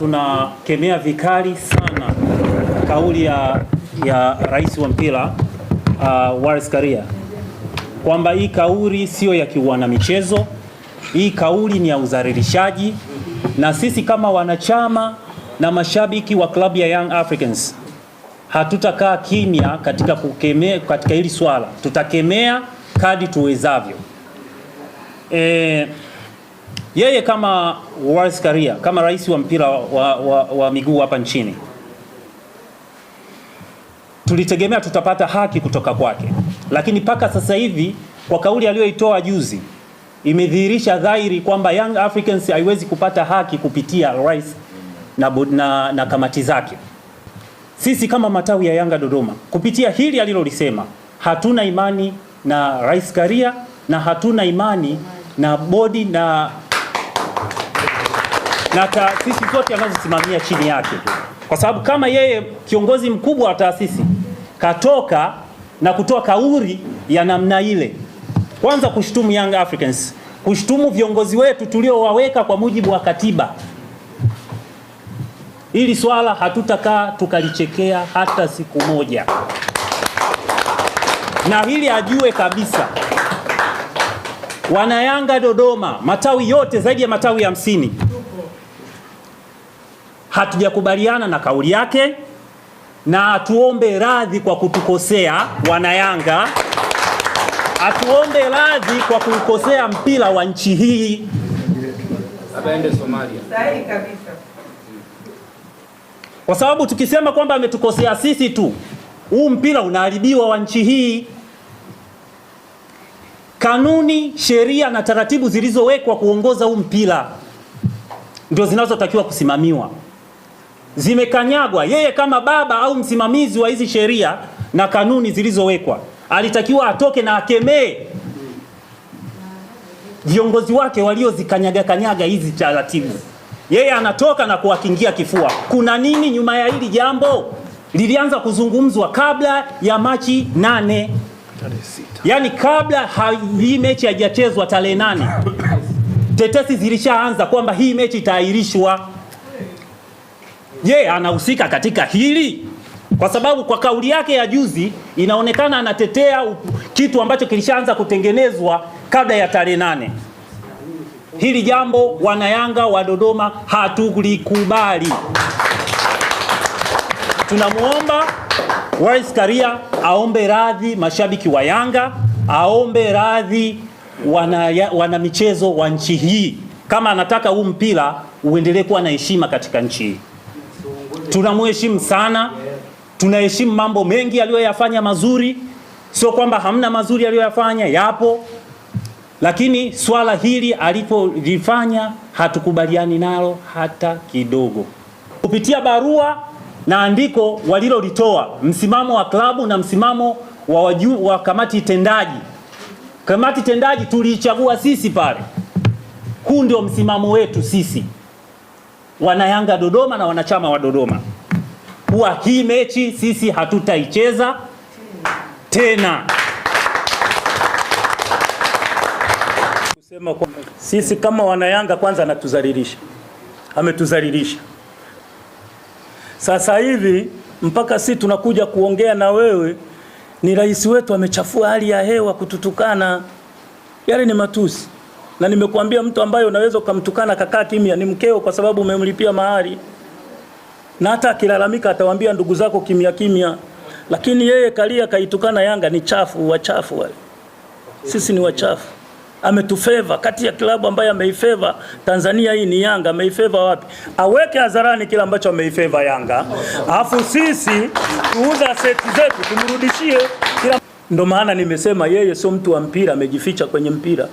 tunakemea vikali sana kauli ya, ya rais wa mpira uh, Wallace Karia kwamba hii kauli sio ya michezo hii kauli ni ya udhalilishaji, na sisi kama wanachama na mashabiki wa klabu ya Young Africans hatutakaa kimya katika kukemea, katika hili swala tutakemea kadi tuwezavyo. E, yeye kama Wallace Karia kama rais wa mpira wa, wa, wa miguu hapa nchini tulitegemea tutapata haki kutoka kwake, lakini mpaka sasa hivi kwa kauli aliyoitoa juzi imedhihirisha dhahiri kwamba Young Africans haiwezi kupata haki kupitia rais na, na, na kamati zake. Sisi kama matawi ya Yanga Dodoma, kupitia hili alilolisema, hatuna imani na Rais Karia na hatuna imani na bodi na na taasisi zote anazosimamia chini yake, kwa sababu kama yeye kiongozi mkubwa wa taasisi katoka na kutoa kauli ya namna ile, kwanza kushtumu Young Africans, kushtumu viongozi wetu tuliowaweka kwa mujibu wa katiba, ili swala hatutakaa tukalichekea hata siku moja, na hili ajue kabisa Wanayanga Dodoma, matawi yote zaidi ya matawi hamsini hatujakubaliana na kauli yake, na atuombe radhi kwa kutukosea Wanayanga, atuombe radhi kwa kukosea mpira wa nchi hii. Aende Somalia. Sahihi kabisa. Kwa sababu tukisema kwamba ametukosea sisi tu, huu mpira unaharibiwa wa nchi hii. Kanuni, sheria na taratibu zilizowekwa kuongoza huu mpira ndio zinazotakiwa kusimamiwa zimekanyagwa. Yeye kama baba au msimamizi wa hizi sheria na kanuni zilizowekwa, alitakiwa atoke na akemee viongozi wake waliozikanyaga kanyaga hizi taratibu. Yeye anatoka na kuwakingia kifua. Kuna nini nyuma ya hili jambo? Lilianza kuzungumzwa kabla ya Machi nane, yaani kabla hii mechi haijachezwa tarehe nane, tetesi zilishaanza kwamba hii mechi itaahirishwa je, anahusika katika hili? Kwa sababu kwa kauli yake ya juzi inaonekana anatetea kitu ambacho kilishaanza kutengenezwa kabla ya tarehe nane. Hili jambo wanayanga wa Dodoma hatulikubali. Tunamwomba Rais Karia aombe radhi mashabiki wa Yanga, aombe radhi wanamichezo wana michezo wa nchi hii, kama anataka huu mpira uendelee kuwa na heshima katika nchi hii tunamheshimu sana, tunaheshimu mambo mengi aliyoyafanya mazuri, sio kwamba hamna mazuri aliyoyafanya, yapo, lakini swala hili alipolifanya hatukubaliani nalo hata kidogo. Kupitia barua na andiko walilolitoa, msimamo wa klabu na msimamo wa waju, wa kamati tendaji, kamati tendaji tuliichagua sisi pale, huu ndio msimamo wetu sisi wanayanga Dodoma na wanachama wa Dodoma kuwa hii mechi sisi hatutaicheza tena. Kusema kwa sisi kama wanayanga, kwanza anatuzalilisha, ametuzalilisha. Sasa hivi mpaka si tunakuja kuongea na wewe, ni rais wetu amechafua hali ya hewa kututukana, yale ni matusi na nimekuambia mtu ambaye unaweza ukamtukana kakaa kimya ni mkeo, kwa sababu umemlipia mahari, na hata akilalamika atawaambia ndugu zako kimya kimya, lakini yeye kalia kaitukana Yanga. Ni chafu, wachafu wale, sisi ni wachafu. Ametufeva kati ya klabu ambayo ameifeva Tanzania hii ni Yanga. Ameifeva wapi? Aweke hadharani kila ambacho ameifeva Yanga, alafu sisi tuuza seti zetu tumrudishie. kila... Ndio maana nimesema yeye sio mtu wa mpira, amejificha kwenye mpira.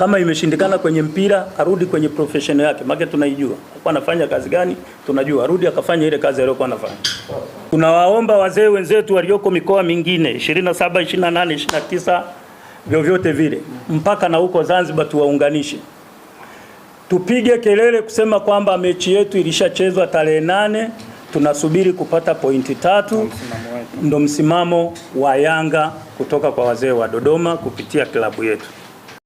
Kama imeshindikana kwenye mpira, arudi kwenye profession yake, maana tunaijua alikuwa anafanya kazi gani, tunajua arudi akafanya ile kazi aliyokuwa anafanya. Tunawaomba wazee wenzetu walioko mikoa mingine 27, 28, 29 vyovyote vile mpaka na huko Zanzibar tuwaunganishe, tupige kelele kusema kwamba mechi yetu ilishachezwa tarehe nane, tunasubiri kupata pointi tatu. Ndo msimamo wa Yanga kutoka kwa wazee wa Dodoma kupitia klabu yetu.